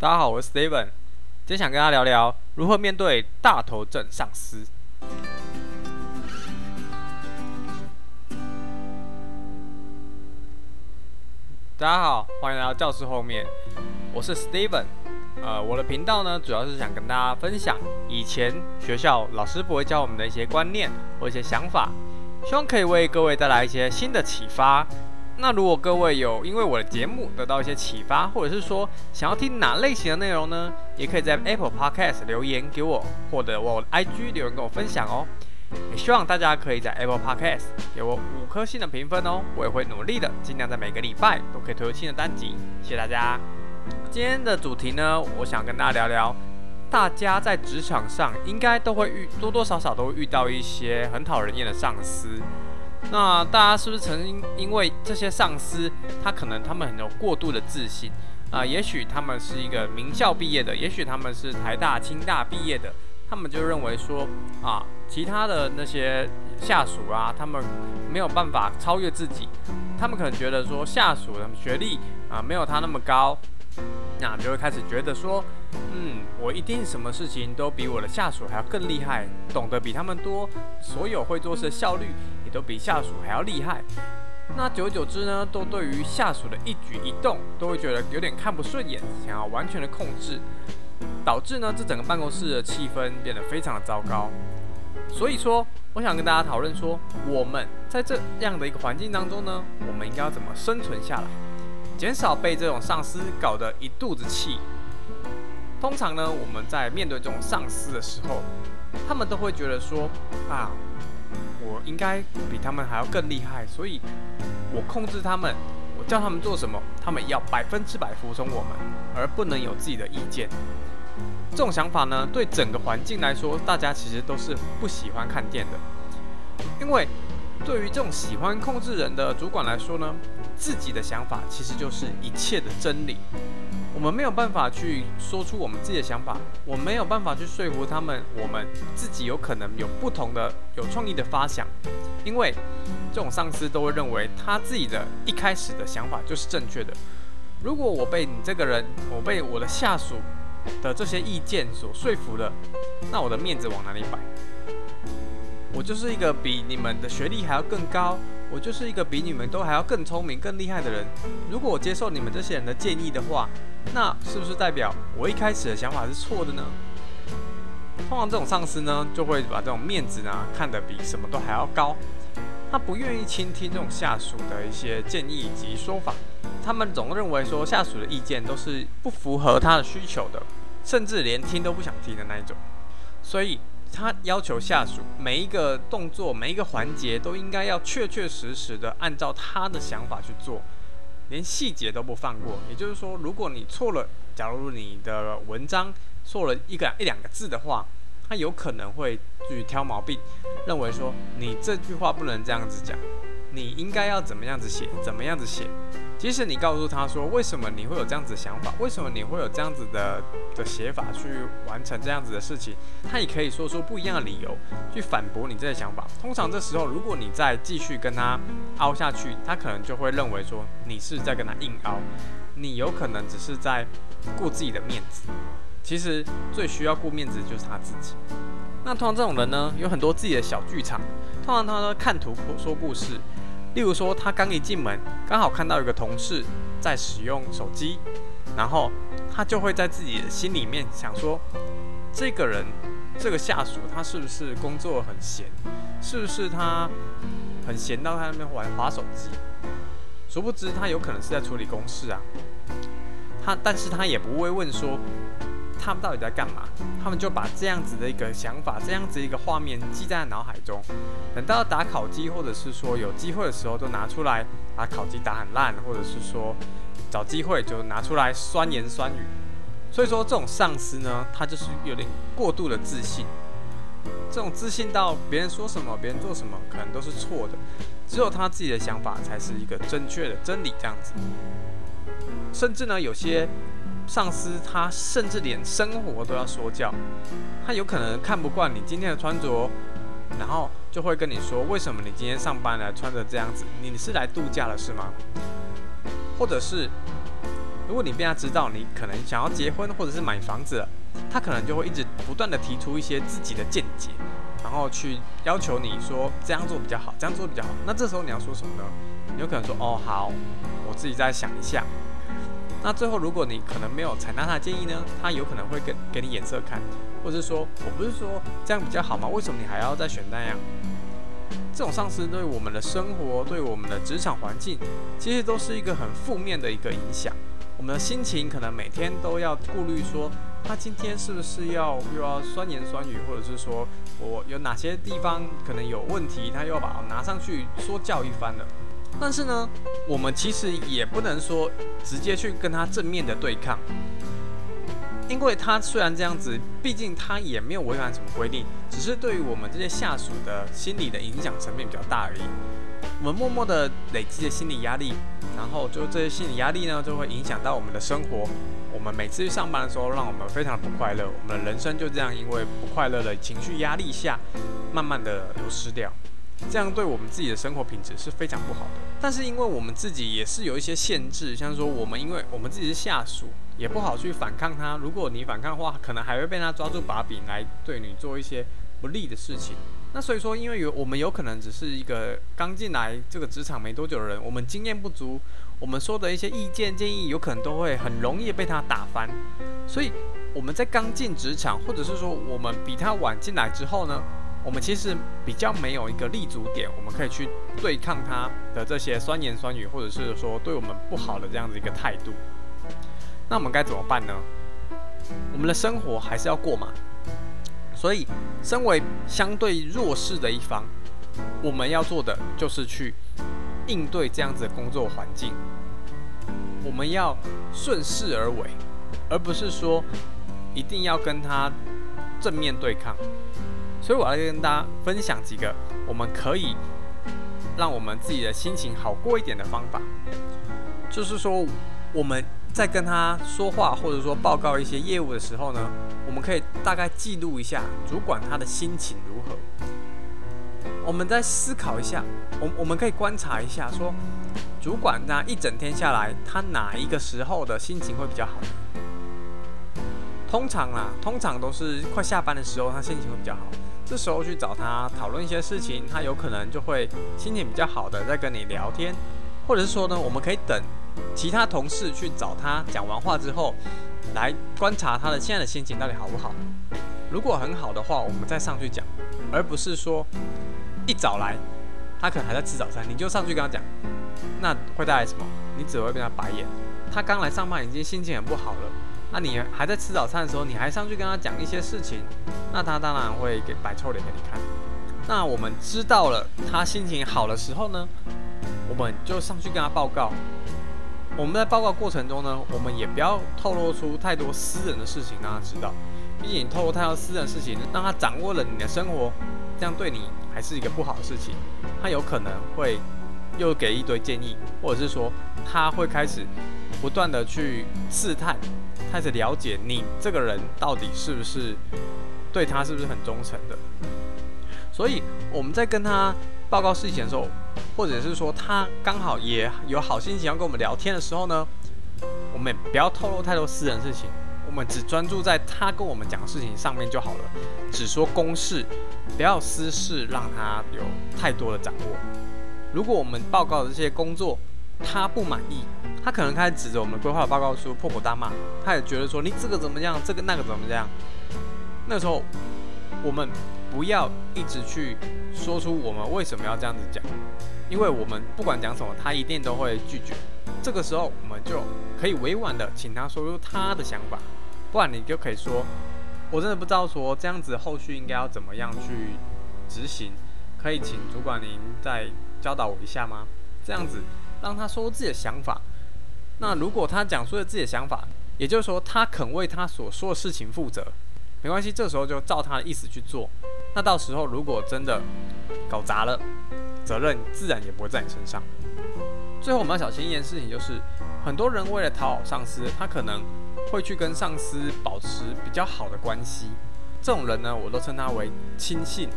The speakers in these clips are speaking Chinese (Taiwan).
大家好，我是 Steven，今天想跟大家聊聊如何面對大頭症上司。大家好，歡迎來到教室後面，我是 Steven。呃，我的頻道呢，主要是想跟大家分享以前學校老師不會教我們的一些觀念或一些想法，希望可以為各位帶來一些新的啟發。那如果各位有因為我的節目得到一些啟發，或者是說想要聽哪類型的內容呢，也可以在 Apple Podcast 留言給我，或者我的 IG 留言跟我分享哦。也希望大家可以在 Apple Podcast 給我五顆星的評分哦，我也會努力的，盡量在每個禮拜都可以推出新的單集。謝謝大家。今天的主題呢，我想跟大家聊聊，大家在職場上應該都會遇多多少少都會遇到一些很討人厭的上司。那大家是不是曾經因為這些上司，他可能他們很有過度的自信啊，也許他們是一個名校畢業的，也許他們是台大、清大畢業的，他們就認為說啊，其他的那些下屬啊，他們沒有辦法超越自己，他們可能覺得說下屬的學歷啊沒有他那麼高。那就會開始覺得說，嗯，我一定什麼事情都比我的下屬還要更厲害，懂得比他們多，所有會做事的效率也都比下屬還要厲害。那久而久之呢，都對於下屬的一舉一動都會覺得有點看不順眼，想要完全的控制，導致呢這整個辦公室的氣氛變得非常的糟糕。所以說，我想跟大家討論說，我們在這樣的一個環境當中呢，我們應該要怎麼生存下來？減少被這種上司搞得一肚子氣。通常呢，我們在面對這種上司的時候，他們都會覺得說：“啊，我應該比他們還要更厲害，所以我控制他們，我叫他們做什麼，他們要百分之百服從我們，而不能有自己的意見。”這種想法呢，對整個環境來說，大家其實都是不喜歡看見的，因為對於這種喜歡控制人的主管來說呢，自己的想法其實就是一切的真理。我們沒有辦法去說出我們自己的想法，我沒有辦法去說服他們。我們自己有可能有不同的、有創意的發想，因為這種上司都會認為他自己的一開始的想法就是正確的。如果我被你這個人，我被我的下屬的這些意見所說服了，那我的面子往哪裡擺？我就是一個比你們的學歷還要更高。我就是一個比你們都還要更聰明、更厲害的人。如果我接受你們這些人的建議的話，那是不是代表我一開始的想法是錯的呢？通常這種上司呢，就會把這種面子呢看，得比什麼都還要高，他不願意傾聽這種下屬的一些建議以及說法。他們總認為說下屬的意見都是不符合他的需求的，甚至連聽都不想聽的那種。所以。他要求下屬每一個動作、每一個環節都應該要確確實實的按照他的想法去做，連細節都不放過。也就是說，如果你錯了，假如你的文章錯了一個一兩個字的話，他有可能會去挑毛病，認為說你這句話不能這樣子講。你應該要怎麼樣子寫？怎麼樣子寫？即使你告訴他說，為什麼你會有這樣子的想法？為什麼你會有這樣子的的寫法去完成這樣子的事情？他也可以說出不一樣的理由去反駁你這些想法。通常這時候，如果你再繼續跟他凹下去，他可能就會認為說你是在跟他硬凹，你有可能只是在顧自己的面子。其實最需要顧面子的就是他自己。那通常這種人呢，有很多自己的小劇場。通常他都看圖說故事。例如說，他剛一進門，剛好看到一個同事在使用手機，然後他就會在自己的心裡面想說，這個人，這個下屬他是不是工作很閒，是不是他很閒到他那邊玩滑手機？殊不知他有可能是在處理公事啊。他，但是他也不會問說。他們到底在幹嘛？他們就把這樣子的一個想法、這樣子一個畫面記在腦海中，等到打考績，或者是說有機會的時候，就拿出來把考績打很爛，或者是說找機會就拿出來酸言酸語。所以說這種上司呢，他就是有點過度的自信，這種自信到別人說什麼、別人做什麼，可能都是錯的，只有他自己的想法才是一個正確的真理這樣子。甚至呢，有些。上司他甚至連生活都要說教，他有可能看不慣你今天的穿着，然後就會跟你說為什麼你今天上班來穿着這樣子？你是來度假的是嗎？或者是如果你被他知道你可能想要結婚或者是買房子，他可能就會一直不斷的提出一些自己的見解，然後去要求你說這樣做比較好，這樣做比較好。那這時候你要說什麼呢？你有可能說哦好，我自己再想一下。那最後，如果你可能沒有採納他的建議呢，他有可能會給給你眼色看，或者是說，我不是說這樣比較好嗎？為什麼你還要再選那樣？這種上司對我們的生活、對我們的職場環境，其實都是一個很負面的一個影響。我們的心情可能每天都要顧慮說，他今天是不是要又要酸言酸語，或者是說我有哪些地方可能有問題，他又要把我拿上去說教一番了。但是呢，我們其實也不能說直接去跟他正面的對抗，因為他雖然這樣子，畢竟他也沒有違反什麼規定，只是對於我們這些下屬的心理的影響層面比較大而已。我們默默的累積的心理壓力，然後就這些心理壓力呢，就會影響到我們的生活。我們每次去上班的時候，讓我們非常的不快樂。我們的人生就這樣，因為不快樂的情緒壓力下，慢慢的流失掉。這樣對我們自己的生活品質是非常不好的。但是因為我們自己也是有一些限制，像說我們因為我們自己是下屬，也不好去反抗他。如果你反抗的話，可能還會被他抓住把柄來對你做一些不利的事情。那所以說，因為有我們有可能只是一個剛進來這個職場沒多久的人，我們經驗不足，我們說的一些意見建議有可能都會很容易被他打翻。所以我們在剛進職場，或者是說我們比他晚進來之後呢？我們其實比較沒有一個立足點，我們可以去對抗他的這些酸言酸語，或者是說對我們不好的這樣子一個態度。那我們該怎麼辦呢？我們的生活還是要過嘛。所以，身為相對弱勢的一方，我們要做的就是去應對這樣子的工作環境。我們要順勢而為，而不是說一定要跟他正面對抗。所以，我要跟大家分享幾個我們可以讓我們自己的心情好過一點的方法。就是說，我們在跟他說話，或者說報告一些業務的時候呢，我們可以大概記錄一下主管他的心情如何。我們再思考一下，我我們可以觀察一下，說主管那一整天下來，他哪一個時候的心情會比較好呢？通常啊，通常都是快下班的時候，他心情會比較好。這時候去找他討論一些事情，他有可能就會心情比較好的在跟你聊天，或者是說呢，我們可以等其他同事去找他講完話之後，來觀察他的現在的心情到底好不好。如果很好的話，我們再上去講，而不是說一早來，他可能還在吃早餐，你就上去跟他講，那會帶來什麼？你只會被他白眼。他剛來上班已經心情很不好了。那、啊、你還在吃早餐的時候，你還上去跟他講一些事情，那他當然會給擺臭臉給你看。那我們知道了他心情好的時候呢，我們就上去跟他報告。我們在報告過程中呢，我們也不要透露出太多私人的事情讓他知道，畢竟你透露太多私人的事情，讓他掌握了你的生活，這樣對你還是一個不好的事情。他有可能會又給一堆建議，或者是說他會開始不斷的去試探。開始了解你這個人到底是不是對他是不是很忠誠的，所以我們在跟他報告事情的時候，或者是說他剛好也有好心情要跟我們聊天的時候呢，我們也不要透露太多私人事情，我們只專注在他跟我們講的事情上面就好了，只說公事，不要私事，讓他有太多的掌握。如果我們報告的這些工作他不滿意。他可能開始指着我們規劃報告書破口大罵，他也覺得說你這個怎麼樣，這個那個怎麼樣？那時候我們不要一直去說出我們為什麼要這樣子講，因為我們不管講什麼，他一定都會拒絕。這個時候，我們就可以委婉地請他說出他的想法，不然你就可以說，我真的不知道說這樣子後續應該要怎麼樣去執行，可以請主管您再教導我一下嗎？這樣子讓他說出自己的想法。那如果他講出了自己的想法，也就是說他肯為他所說的事情負責，沒關係，這時候就照他的意思去做。那到時候如果真的搞砸了，責任自然也不會在你身上。最後我們要小心一件事情，就是很多人為了討好上司，他可能會去跟上司保持比較好的關係。這種人呢，我都稱他為親信。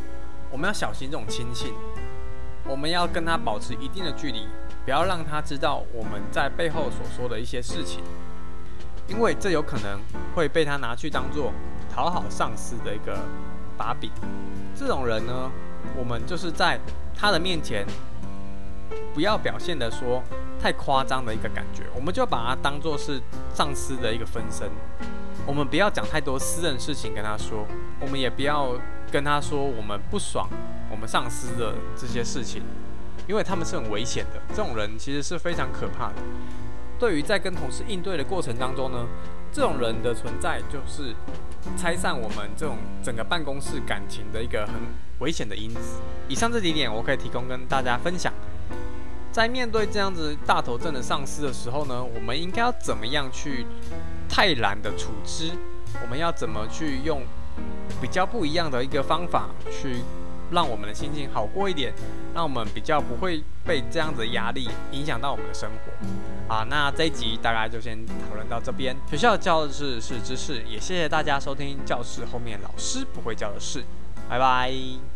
我們要小心這種親信，我們要跟他保持一定的距離。不要讓他知道我們在背後所說的一些事情，因為這有可能會被他拿去當做討好上司的一個把柄。這種人呢，我們就是在他的面前不要表現得說太誇張的一個感覺，我們就把他當做是上司的一個分身。我們不要講太多私人事情跟他說，我們也不要跟他說我們不爽我們上司的這些事情。因為他們是很危險的，這種人其實是非常可怕的。對於在跟同事應對的過程當中呢，這種人的存在就是拆散我們這種整個辦公室感情的一個很危險的因子。以上這幾點我可以提供跟大家分享。在面對這樣子大頭症的上司的時候呢，我們應該要怎麼樣去泰然的處之？我們要怎麼去用比較不一樣的一個方法去？讓我們的心情好過一點，讓我們比較不會被這樣子的壓力影響到我們的生活啊。那這一集大概就先討論到這邊。學校教的是知識，也謝謝大家收聽。教室後面老師不會教的事，拜拜。